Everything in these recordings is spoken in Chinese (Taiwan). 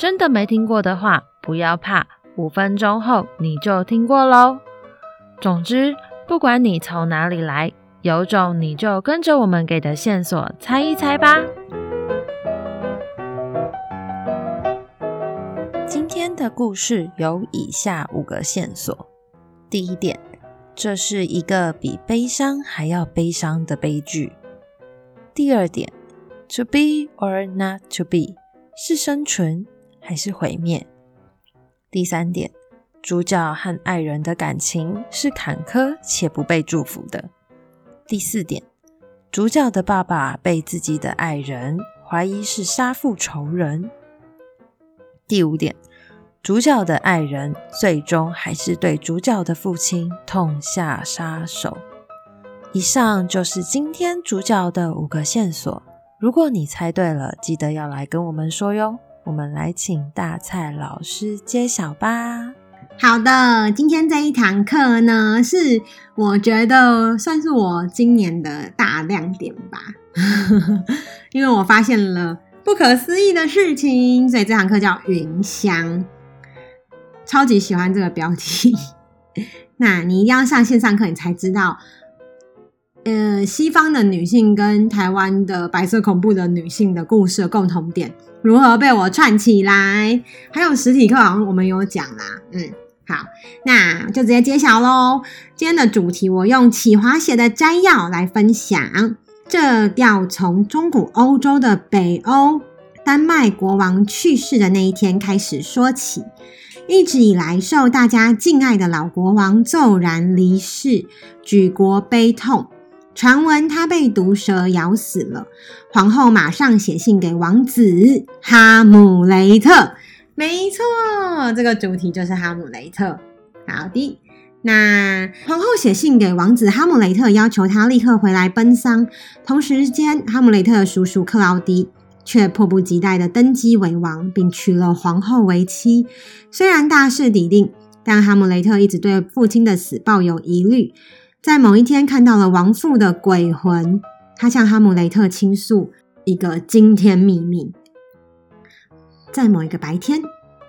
真的沒聽過的話，不要怕，五分鐘後你就聽過嘍。總之，不管你從哪裡來，有種你就跟着我們給的線索猜一猜吧。今天的故事有以下五個線索：第一點，這是一個比悲傷還要悲傷的悲劇。第二點，To be or not to be，是生存，還是毀滅？第三點，主角和愛人的感情是坎坷且不被祝福的。第四點，主角的爸爸被自己的愛人懷疑是殺父仇人。第五點，主角的愛人最終還是對主角的父親痛下殺手。以上就是今天主角的五個線索。如果你猜對了，記得要來跟我們說唷。我們來請大蔡老師揭曉吧！好的，今天這一堂課呢，是我覺得算是我今年的大亮點吧， 因為我發現了不可思議的事情，所以這堂課叫“雲香”，超級喜歡這個標題。 那你一定要上線上課，你才知道。呃，西方的女性跟台灣的白色恐怖的女性的故事的共同點如何被我串起來？還有實體課好像我們有講啦，嗯，好，那就直接揭曉嘍。今天的主題我用企劃寫的摘要來分享，這要從中古歐洲的北歐丹麥國王去世的那一天開始說起。一直以來受大家敬愛的老國王驟然離世，舉國悲痛。傳聞他被毒蛇咬死了，皇后馬上寫信給王子哈姆雷特。沒錯，這個主題就是哈姆雷特。好的，那皇后寫信給王子哈姆雷特，要求他立刻回來奔喪。同時間，哈姆雷特叔叔克勞迪卻迫不及待地登基為王，並娶了皇后為妻。雖然大勢底定，但哈姆雷特一直對父親的死抱有疑慮。在某一天，看到了亡父的鬼魂，他向哈姆雷特傾訴一個驚天秘密。在某一個白天，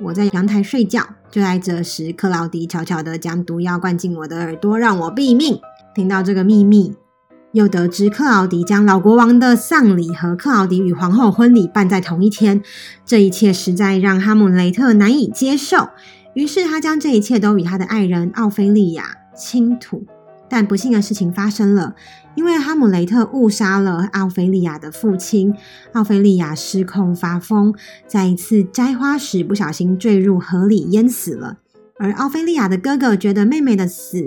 我在陽台睡覺，就在這時，克勞迪悄悄地將毒藥灌進我的耳朵，讓我斃命。聽到這個秘密，又得知克勞迪將老國王的喪禮和克勞迪與皇后婚禮辦在同一天，這一切實在讓哈姆雷特難以接受。於是，他將這一切都與他的愛人奧菲利亞傾吐。但不幸的事情發生了，因為哈姆雷特誤殺了奧菲利亞的父親，奧菲利亞失控發瘋，在一次摘花時不小心墜入河裡淹死了。而奧菲利亞的哥哥覺得妹妹的死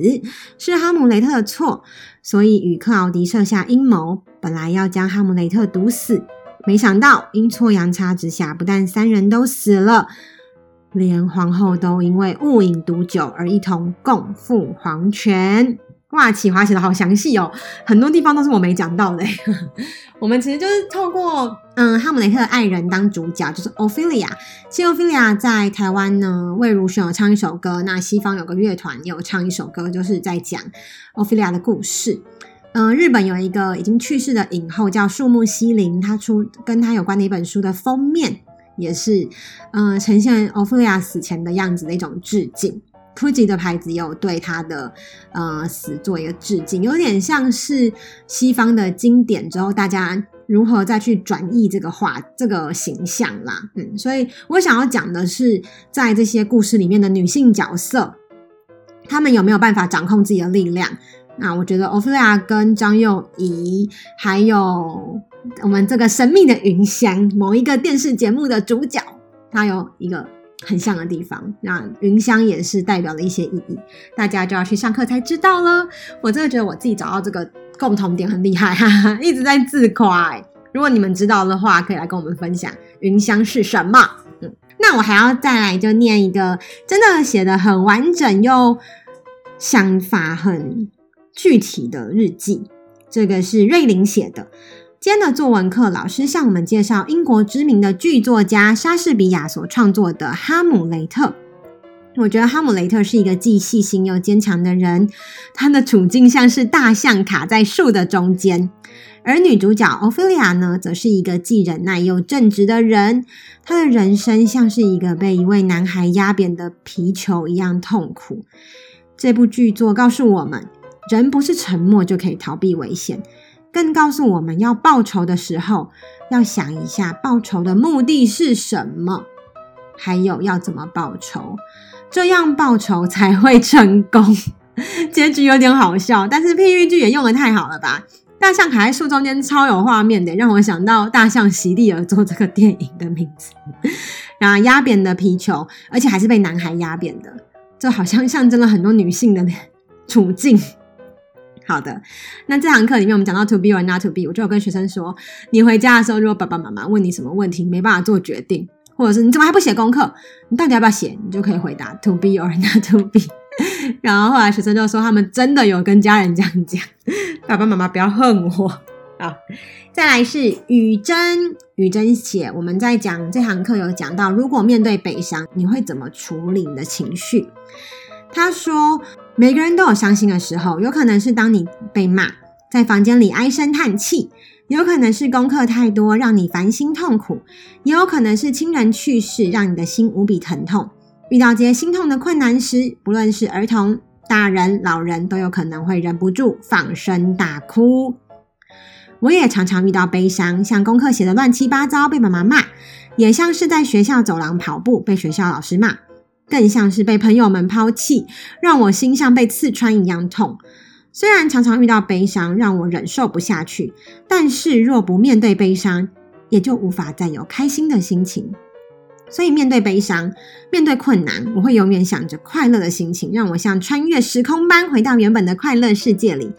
是哈姆雷特的錯，所以與克勞迪設下陰謀，本來要將哈姆雷特毒死，沒想到陰錯陽差之下，不但三人都死了，連皇後都因為誤飲毒酒而一同共赴黃泉。哇，企華寫的好詳細哦，很多地方都是我沒講到的。 我們其實就是透過嗯《哈姆雷特》愛人當主角，就是、Ophelia、其菲利亞。h e 菲利亞在台灣呢，魏如雪有唱一首歌。那西方有個樂團也有唱一首歌，就是在講 e 菲利亞的故事。嗯，日本有一個已經去世的影后叫樹木希林，她出跟她有關的一本書的封面也是嗯、呃、呈現 e 菲利亞死前的樣子的一種致敬。普吉的牌子也有對他的，呃，死做一個致敬，有點像是西方的經典之後，大家如何再去轉譯這個畫、這個形象啦。嗯，所以我想要講的是，在這些故事裡面的女性角色，她們有沒有辦法掌控自己的力量？那我覺得歐菲 a 跟張幼儀，還有我們這個神秘的云香某一個電視節目的主角，她有一個。很像的地方，那雲香也是代表了一些意義，大家就要去上課才知道了。我真的覺得我自己找到這個共同點很厲害，哈哈，一直在自誇、欸。如果你們知道的話，可以來跟我們分享雲香是什麼。嗯，那我還要再來就念一個真的寫得很完整又想法很具體的日記，這個是瑞玲寫的。今天的作文課，老師向我們介紹英國知名的劇作家莎士比亞所創作的《哈姆雷特》。我覺得哈姆雷特是一個既細心又堅強的人，他的處境像是大象卡在樹的中間；而女主角奧菲利亞呢，則是一個既忍耐又正直的人，她的人生像是一個被一位男孩壓扁的皮球一樣痛苦。這部劇作告訴我們，人不是沉默就可以逃避危險。更告訴我們要報仇的時候，要想一下報仇的目的是什麼，還有要怎麼報仇，這樣報仇才會成功。結局有點好笑，但是譬喻句也用得太好了吧？大象卡在樹中間，超有畫面的，讓我想到《大象席地而坐》這個電影的名字。然後，壓扁的皮球，而且還是被男孩壓扁的，這好像象徵了很多女性的處境。好的，那這堂課裡面我們講到 to be or not to be，我就有跟學生說，你回家的時候，如果爸爸媽媽問你什麼問題，你沒辦法做決定，或者是你怎麼還不寫功課，你到底要不要寫，你就可以回答 to be or not to be。 然後後來學生就說，他們真的有跟家人這樣講，爸爸媽媽不要恨我。好，再來是雨珍。雨珍寫，我們在講這堂課有講到，如果面對悲傷，你會怎麼處理你的情緒？他說。每個人都有傷心的時候，有可能是當你被罵，在房間裡唉聲嘆氣；有可能是功課太多，讓你煩心痛苦；也有可能是親人去世，讓你的心無比疼痛。遇到這些心痛的困難時，不論是兒童、大人、老人，都有可能會忍不住放聲大哭。我也常常遇到悲傷，像功課寫得亂七八糟被媽媽罵，也像是在學校走廊跑步被學校老師罵。更像是被朋友們拋棄，讓我心像被刺穿一樣痛。雖然常常遇到悲傷，讓我忍受不下去，但是若不面對悲傷，也就無法再有開心的心情。所以面對悲傷、面對困難，我會永遠想着快樂的心情，讓我像穿越時空般回到原本的快樂世界裡，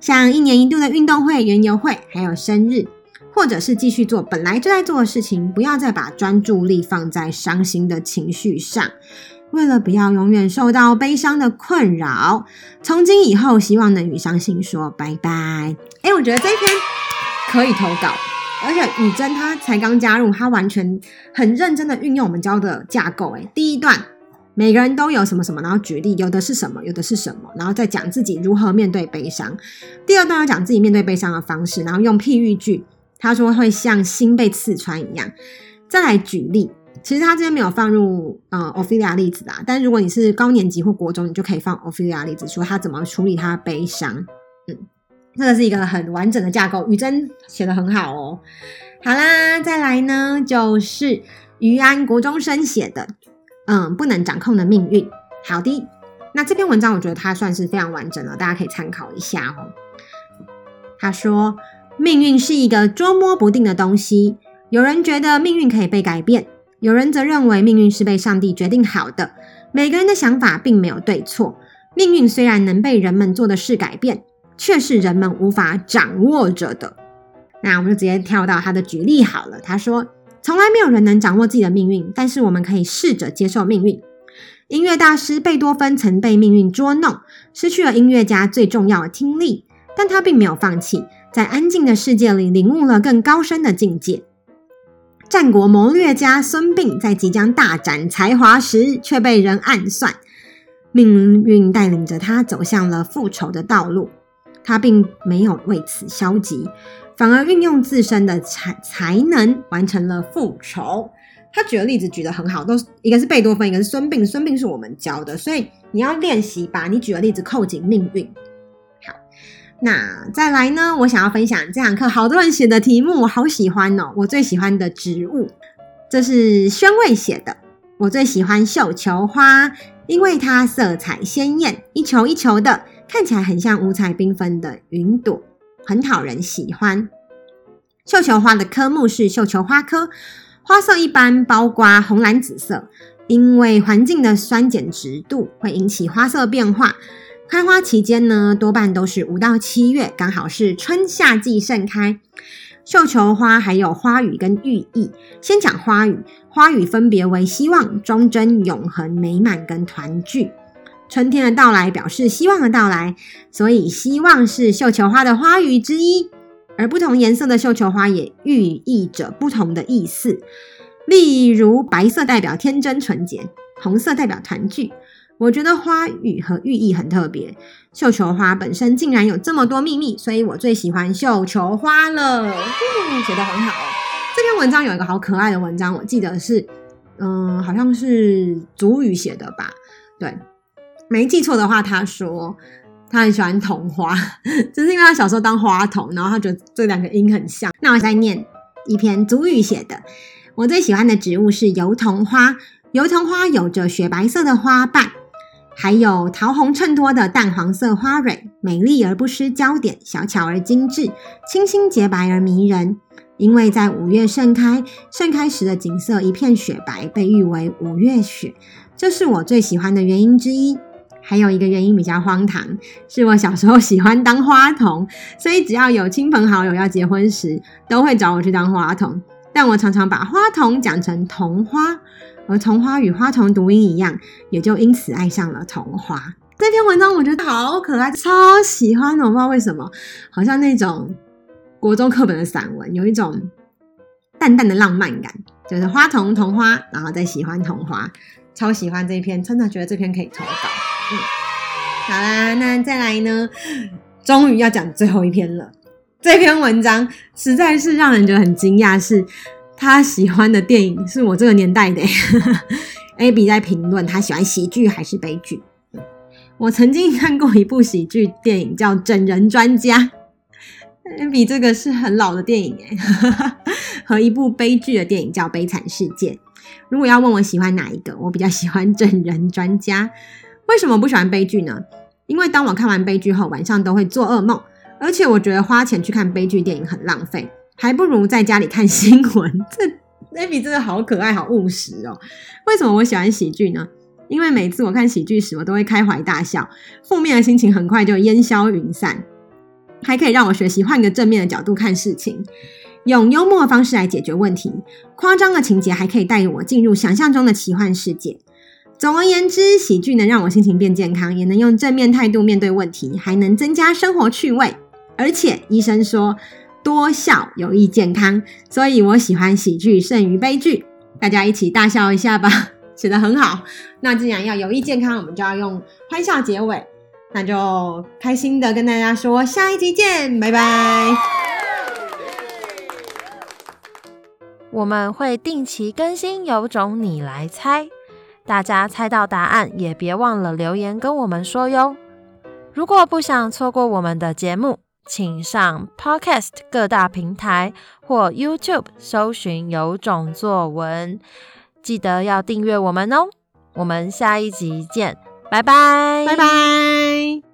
像一年一度的運動會、園遊會，還有生日。或者是繼續做本來就在做的事情，不要再把專注力放在傷心的情緒上。為了不要永遠受到悲傷的困擾，從今以後希望能與傷心說拜拜。誒、欸、我覺得這一篇可以投稿。而且宇珍他才剛加入，他完全很認真的運用我們教的架構、欸。哎，第一段每個人都有什麼什麼，然後舉例，有的是什麼，有的是什麼，然後再講自己如何面對悲傷。第二段要講自己面對悲傷的方式，然後用譬喻句。他說會像心被刺穿一樣。再來舉例，其實他這邊沒有放入呃 e 菲利 a 例子啊，但是如果你是高年級或國中，你就可以放 e 菲利 a 例子，說他怎麼處理他的悲傷。嗯，這個是一個很完整的架構，於珍寫的很好哦、喔。好啦，再來呢就是余安國中生寫的，嗯，不能掌控的命運。好的，那這篇文章我覺得它算是非常完整了、喔，大家可以參考一下哦、喔。他說。命運是一個捉摸不定的東西。有人覺得命運可以被改變，有人則認為命運是被上帝決定好的。每個人的想法並沒有對錯。命運雖然能被人們做的事改變，卻是人們無法掌握着的。那我們就直接跳到他的舉例好了。他說：“從來沒有人能掌握自己的命運，但是我們可以試着接受命運。”音樂大師貝多芬曾被命運捉弄，失去了音樂家最重要的聽力，但他並沒有放棄。在安靜的世界裡，領悟了更高深的境界。戰國謀略家孫臏在即將大展才華時，卻被人暗算，命運帶領着他走向了復仇的道路。他並沒有為此消極，反而運用自身的才才能完成了復仇。他舉的例子舉得很好，都一個是貝多芬，一個是孫臏。孫臏是我們教的，所以你要練習，把你舉的例子扣緊命運。那再來呢？我想要分享這堂課，好多人寫的題目，我好喜歡哦。我最喜歡的植物，這是宣蔚寫的。我最喜歡繡球花，因為它色彩鮮豔，一球一球的，看起來很像五彩繽紛的雲朵，很討人喜歡。繡球花的科目是繡球花科，花色一般包括紅、藍、紫色，因為環境的酸鹼值度會引起花色變化。開花期間呢，多半都是五到七月，剛好是春夏季盛開。繡球花還有花語跟寓意。先講花語，花語分別為希望、忠貞、永恆、美滿跟團聚。春天的到來表示希望的到來，所以希望是繡球花的花語之一。而不同顏色的繡球花也寓意着不同的意思，例如白色代表天真純潔，紅色代表團聚。我覺得花語和寓意很特別，繡球花本身竟然有這麼多秘密，所以我最喜歡繡球花了。嗯，寫得很好哦，這篇文章有一個好可愛的文章，我記得是，嗯、呃，好像是足語寫的吧？對，沒記錯的話，他說他很喜歡桐花，只、就是因為他小時候當花童，然後他覺得這兩個音很像。那我再念一篇足語寫的，我最喜歡的植物是油桐花，油桐花有着雪白色的花瓣。還有桃紅襯托的淡黃色花蕊，美麗而不失焦點，小巧而精致，清新潔白而迷人。因為在五月盛開，盛開時的景色一片雪白，被譽為“五月雪”，這是我最喜歡的原因之一。還有一個原因比較荒唐，是我小時候喜歡當花童，所以只要有親朋好友要結婚時，都會找我去當花童，但我常常把花童講成童花。和《童花與花童》讀音一樣，也就因此愛上了童花這篇文章。我覺得好可愛，超喜歡的，我不知道為什麼，好像那種國中課本的散文，有一種淡淡的浪漫感。就是「花童」、「童花」，然後再喜歡童花，超喜歡這一篇。真的覺得這篇可以投稿。嗯，好啦，那再來呢，終於要講最後一篇了。這篇文章實在是讓人覺得很驚訝，是。他喜歡的電影是我這個年代的。 a b 在評論他喜歡喜劇還是悲劇。我曾經看過一部喜劇電影叫《整人專家》。a b 這個是很老的電影 和一部悲劇的電影叫《悲慘世界》。如果要問我喜歡哪一個，我比較喜歡《整人專家》。為什麼不喜歡悲劇呢？因為當我看完悲劇後，晚上都會做噩夢，而且我覺得花錢去看悲劇電影很浪費。還不如在家裡看新聞。這 Lay 真的好可愛、好務實哦、喔。為什麼我喜歡喜劇呢？因為每次我看喜劇時，我都會開懷大笑，負面的心情很快就煙消雲散，還可以讓我學習換個正面的角度看事情，用幽默的方式來解決問題，誇張的情節還可以帶我進入想象中的奇幻世界。總而言之，喜劇能讓我心情變健康，也能用正面態度面對問題，還能增加生活趣味。而且醫生說。多笑有益健康，所以我喜歡喜劇勝於悲劇。大家一起大笑一下吧！寫得很好。那既然要有益健康，我們就要用歡笑結尾。那就開心的跟大家說，下一集見，拜拜！ 我們會定期更新《有種你來猜》，大家猜到答案也別忘了留言跟我們說喲。如果不想錯過我們的節目，請上 Podcast 各大平台或 YouTube 搜尋“有種作文”，記得要訂閱我們哦！我們下一集見，拜拜！拜拜。